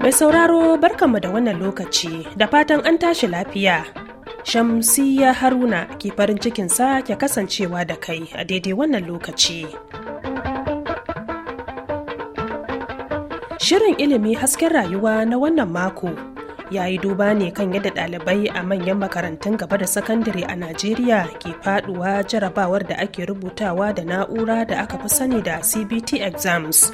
Mai sauraro barkanmu da wannan lokaci da fatan an tashi lafiya. shamsiya Haruna ke farin cikin sake kasancewa da kai a daidai wannan lokaci. Shirin ilimi hasken rayuwa na wannan mako ya yi duba ne kan yadda ɗalibai a manyan makarantun gaba da sakandare a najeriya ke faduwa jarabawar da ake rubutawa da na'ura da aka fi sani da cbt exams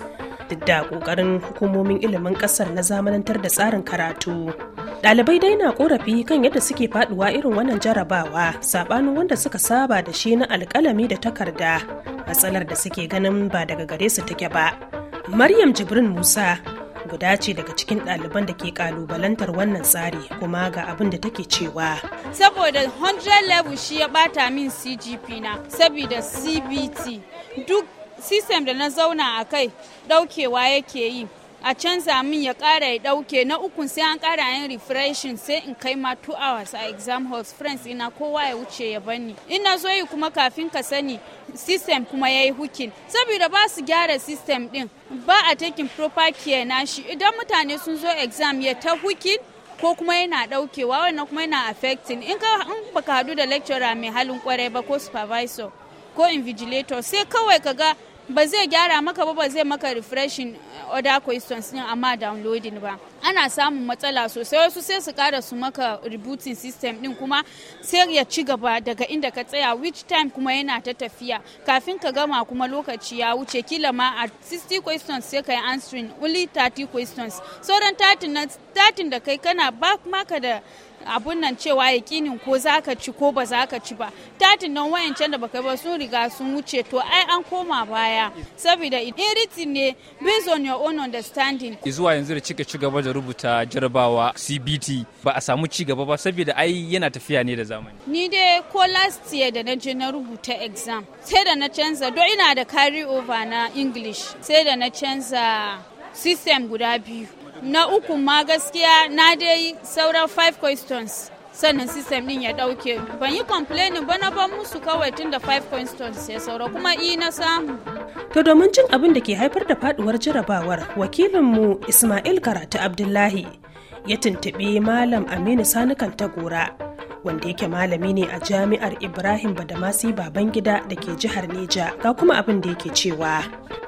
duk da ƙoƙarin hukumomin ilimin ƙasar na zamanantar da tsarin karatu ɗalibai dai na ƙorafi kan yadda suke faduwa irin wannan jarabawa saɓanin wanda suka saba da shi na alƙalami da takarda matsalar da suke ganin ba daga gare su take ba maryam jibrin musa guda ce daga cikin ɗaliban da ke kalubalantar wannan tsari kuma ga abin da take cewa saboda 100 level shi ya bata min cgp na saboda cbt duk system da na zauna a kai daukewa yake yi a canza min ya kara ya dauke na uku sai an kara yin refreshing sai in kai ma 2 hours a exam halls friends ina kowa ya wuce ya bani ina zo yi kuma kafin ka sani system kuma ya yi hukin saboda ba su gyara system din ba a takin proper care na shi idan mutane sun zo exam ya ta hukin ko kuma yana daukewa wannan kuma yana affecting in ka in baka hadu da lecturer mai halin kwarai ba ko supervisor ko invigilator sai kawai ka ga. ba zai gyara maka ba ba zai maka refreshing uh, order questions din amma downloading ba ana samun matsala sosai wasu sai su kara su maka rebooting system din kuma sai ya ci gaba daga inda ka tsaya which time kuma yana ta tafiya kafin ka gama kuma lokaci ya wuce kila ma a 60 questions sai ka yi answering only 30 questions sauran 30 da kai kana ba maka da abun nan cewa yakinin ko za ka ci ko ba za ka ci ba tatin nan wayancan da baka ba sun riga sun wuce to ai an koma baya saboda iriti ne based on your own understanding zuwa yanzu da cika cigaba da rubuta jarabawa CBT ba a samu cigaba ba saboda ai yana tafiya ne da zamani ni dai ko last year da na je na rubuta exam sai da na canza do ina da carry over na English sai da na canza system guda biyu na uku ma gaskiya na dai sauran five questions sannan system din ya dauke ban yi complaining ba na ban musu kawai tun da five questions ya saura kuma i na samu to domin cin abin da ke haifar da faduwar jarabawar wakilinmu ismail karatu abdullahi ya tuntuɓi malam aminu sanukan tagora wanda yake malami ne a jami'ar Ibrahim Badamasi Babangida da ke jihar Neja ga kuma abin da yake cewa.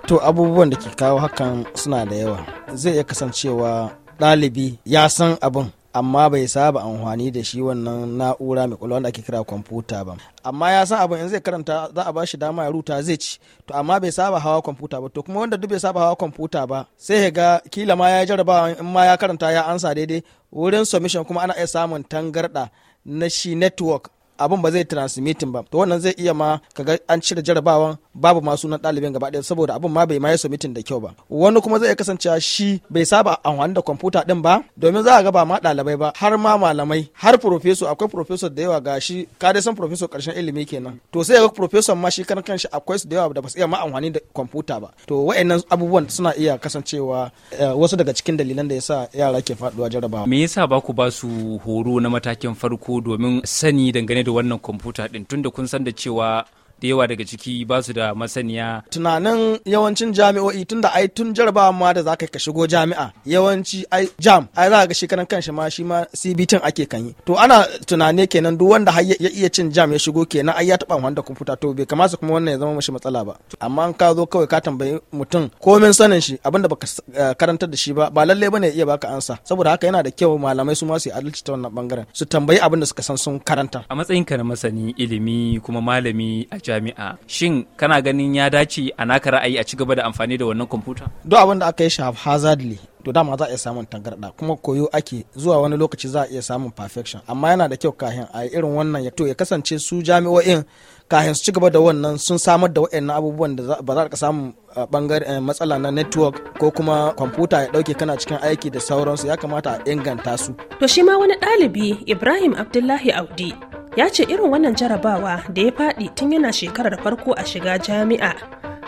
To abubuwan da ke kawo hakan suna da yawa. Zai iya kasancewa ɗalibi ya san abin amma bai saba amfani da shi wannan na'ura mai kwalwa da ake kira kwamfuta ba amma ya san abin in zai karanta za a bashi dama ya ruta zai ci to amma bai saba hawa kwamfuta ba to kuma wanda duk bai saba hawa kwamfuta ba sai ya ga kila ma ya jarabawa in ma ya karanta ya ansa daidai wurin submission kuma ana iya samun tangarda Nashi network abin ba zai transmitting ba to wannan zai iya ma kaga an cire jarabawan babu ma sunan ɗalibin gaba ɗaya saboda abin ma bai ma yi mitin da kyau ba wani kuma zai kasance shi bai saba amfani da kwamfuta din ba domin za a ga ba ma ɗalibai ba har ma malamai har profesor akwai profesor da yawa ga shi ka dai san profesor karshen ilimi kenan to sai ga profesor ma shi kan kanshi akwai su da yawa da ba su iya ma amfani da kwamfuta ba to wa'annan abubuwan suna iya kasancewa eh, wasu daga cikin dalilan da yasa yara ke faduwa jarabawa me yasa ba ku ba su horo na matakin farko domin sani dangane da da wannan kwamfuta din tunda kun san da cewa da yawa daga ciki ba su da masaniya. Tunanin yawancin jami'o'i tunda ai tun jarabawa ma da zaka ka shigo jami'a yawanci ai jam ai za ga shi kan kanshi ma shi ma CBT ake kan yi. To ana tunane kenan duk wanda har ya iya cin jam ya shigo kenan ai ya taba wanda kwamfuta to bai kamata kuma wannan ya zama mashi matsala ba. Amma ka zo kawai ka tambayi mutum komin sanin shi abinda baka eh, karantar da shi ba ba lalle bane ya iya baka ansa saboda haka yana da kyau malamai su ma su yi adalci ta wannan bangaren su tambayi abinda suka san sun karanta. A matsayin ka na masani ilimi kuma malami a jami'a shin kana ganin ya dace a naka ra'ayi a ci gaba da amfani da wannan kwamfuta duk abin da aka yi shi haphazardly to dama za a iya samun tangarɗa kuma koyo ake zuwa wani lokaci za a iya samun perfection amma yana da kyau kahin a irin wannan ya to ya kasance su jami'o'in kahin su ci gaba da wannan sun samar da wa'annan abubuwan da ba za ka samun bangare eh, eh, matsala na network ko kuma kwamfuta ya dauke kana cikin aiki da sauransu ya kamata a inganta su to shi ma wani ɗalibi ibrahim abdullahi audi ya ce irin wannan jarabawa da ya faɗi tun yana shekarar farko a shiga jami'a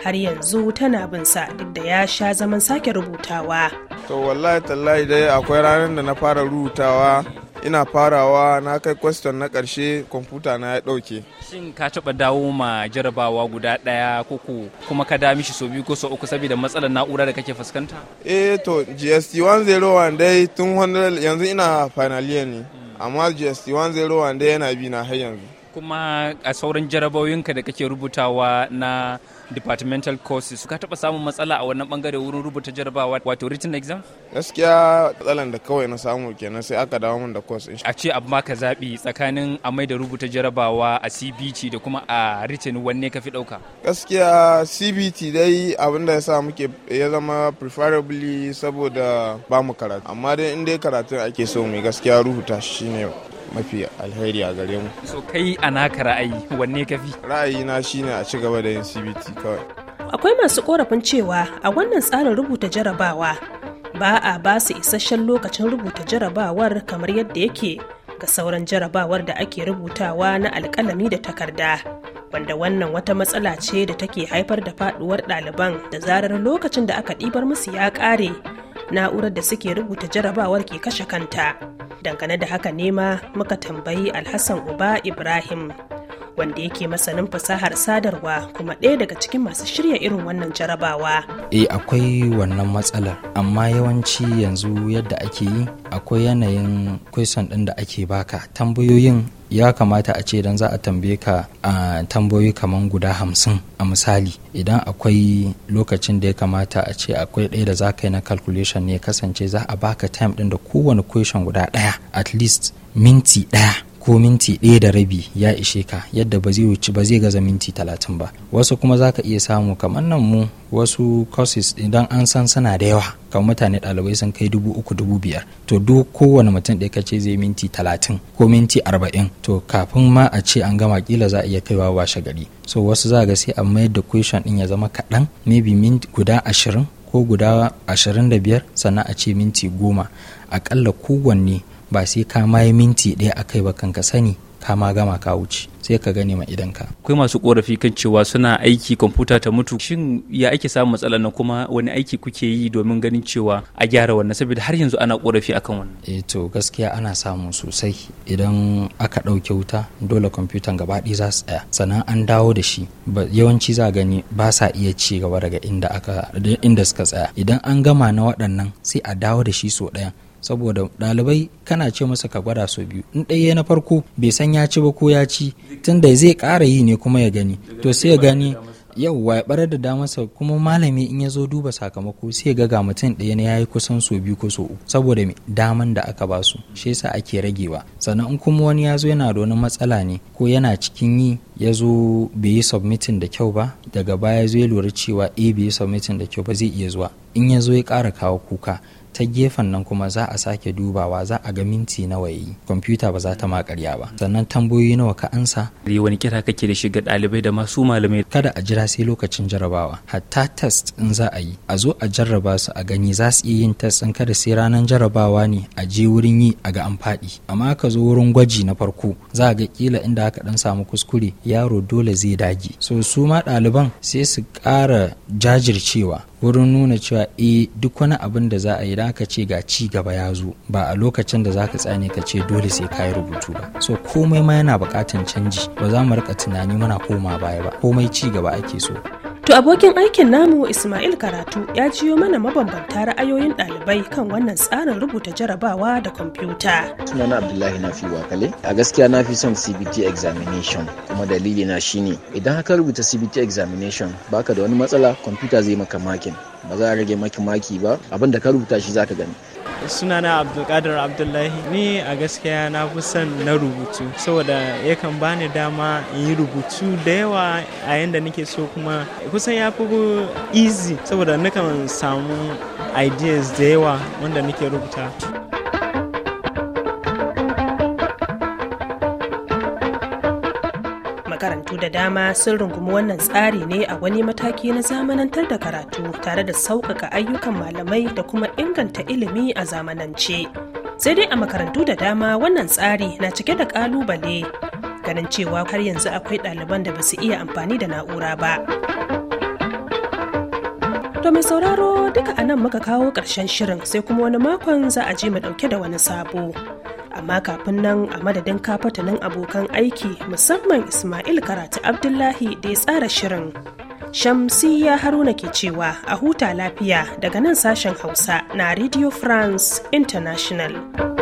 har yanzu tana binsa duk da ya sha zaman sake rubutawa to wallahi tallahi dai akwai ranar da na fara rubutawa ina farawa na kai question na karshe kwamfuta na ya dauke. shin ka taba dawo ma jarabawa guda ɗaya koko kuma ka dami shi so biyu ko so uku saboda matsalar na'ura da kake fuskanta eh to gst 101 dai tun 100 yanzu ina final ne amma jst zero yana bi na har yanzu kuma a sauran jarabawinka da kake rubutawa na departmental courses ka taba samun matsala a wannan bangare wurin rubuta jarabawa wato written exam gaskiya matsalan da kawai na samu kenan sai aka dawo min da course a ce abu ka zabi tsakanin amai da rubuta jarabawa a CBT da kuma a written wanne ka fi dauka gaskiya CBT dai abin da yasa muke ya zama preferably saboda ba mu karatu amma dai inda dai karatun ake so mu gaskiya rubuta shi ne mafi alheri a gare mu so kai a naka ra'ayi wanne ka fi ra'ayi na shine a ci gaba da yin cbt kawai akwai masu korafin cewa a wannan tsarin rubuta jarabawa ba a ba su isasshen lokacin rubuta jarabawar kamar yadda yake ga sauran jarabawar da ake rubutawa na alkalami da takarda wanda wannan wata matsala ce da take haifar da faduwar ɗaliban da zarar lokacin da aka ɗibar musu ya ƙare na'urar da suke rubuta jarabawar ke kashe kanta dangane da haka nema muka tambayi alhassan uba ibrahim wanda yake masanin fasahar sadarwa kuma ɗaya daga cikin masu shirya irin wannan jarabawa. E akwai wannan matsalar amma yawanci yanzu yadda ake yi akwai yanayin kwaison ɗin da ake baka tambayoyin ya kamata a ce idan za a tambaye ka a tambayoyi kamar guda hamsin a misali idan akwai lokacin da ya kamata a ce akwai ɗaya da za ka yi na calculation ne kasance za a baka time ɗin da kowane question guda ɗaya at least minti ɗaya ko minti ɗaya da rabi ya ishe ka yadda ba zai wuce ba zai gaza minti talatin ba wasu kuma za ka iya samu kamar nan mu wasu courses idan an san sana da yawa kamar mutane ɗalibai sun kai dubu uku dubu biyar to duk kowane mutum ɗaya kace zai minti talatin ko minti arba'in to kafin ma a ce an gama kila za a iya kaiwa washe gari so wasu za ga sai a mayar da question ɗin ya zama kaɗan maybe minti guda ashirin ko guda 25 sannan a ce minti goma aƙalla kowanne ba sai ka maye minti ɗaya a kai ba kan sani ka ma gama ka wuce sai ka gane ma idan ka akwai masu korafi kan cewa suna aiki kwamfuta ta mutu shin ya ake samun matsala na kuma wani aiki kuke yi domin ganin cewa a gyara wannan saboda har yanzu ana korafi akan wannan eh to gaskiya ana samu sosai idan aka ɗauke wuta dole kwamfutan gaba ɗaya za su tsaya sannan an dawo da shi yawanci za gani ba sa iya ci gaba daga inda aka inda suka tsaya idan an gama na waɗannan sai a dawo da shi so ɗaya saboda ɗalibai kana ce masa ka gwada sau biyu in ɗaya na farko bai san ya ci ba ko ya ci tunda zai ƙara yi ne kuma ya gani to sai ya gani yau ya barar da damarsa kuma malami in ya zo duba sakamako sai ga ga mutum ɗaya na yayi kusan so biyu ko so uku saboda daman da aka ba su shi yasa ake ragewa sannan in kuma wani ya zo yana da wani matsala ne ko yana cikin yi ya zo bai yi submitting da kyau ba daga baya ya zo ya lura cewa a eh bai yi submitting da kyau ba zai iya zuwa in ya zo ya ƙara kawo kuka ta gefen nan kuma za a sake dubawa za a ga minti nawa yi kwamfuta ba za ta ma karya ba sannan tambayoyi nawa ka ansa wani kira kake da shi ga ɗalibai da masu malamai kada a jira sai lokacin jarabawa hatta test in za a yi a zo a jarraba su a gani za su iya yin test in kada sai ranar jarabawa ne a je wurin yi a ga an faɗi amma ka zo wurin gwaji na farko za a ga kila inda aka dan samu kuskure yaro dole zai dage so su ma ɗaliban sai su ƙara jajircewa wurin nuna cewa e duk wani abin da za a yi da ce ga ci gaba ya zo ba a lokacin da za ka tsane ka ce dole sai ka yi rubutu ba so komai ma yana buƙatan canji ba za mu rika tunani muna koma baya ba komai ci gaba ake so To abokin aikin namu Ismail Karatu ya ciyo mana mabambanta ra'ayoyin ɗalibai kan wannan tsarin rubuta jarabawa da kwamfuta. Sunana Abdullahi na fi Wakale. A gaskiya na fi son CBT examination kuma dalili na shine idan haka rubuta CBT examination baka da wani matsala kwamfuta zai maka makin. ba za a rage maki maki ba abin da ka rubuta shi zaka gani sunana abdulkadir abdullahi ni a gaskiya na fi na rubutu saboda yakan bani dama in yi rubutu da yawa a yadda nake so kuma kusan ya fi easy saboda nakan samu ideas da yawa wanda nake rubuta makarantu da dama sun rungumi wannan tsari ne a wani mataki na zamanantar da karatu tare da sauƙaƙa ayyukan malamai da kuma inganta ilimi a zamanance sai dai a makarantu da dama wannan tsari na cike da ƙalubale ganin cewa har yanzu akwai ɗaliban da ba su iya amfani da na'ura ba To mai sauraro duka anan muka kawo ƙarshen shirin sai kuma wani makon za a je mu ɗauke da wani sabo. amma kafin nan a madadin kafatanin abokan aiki musamman Ismail Karatu Abdullahi da ya tsara shirin. Shamsiyya Haruna ke cewa a huta lafiya daga nan sashen Hausa na Radio France International.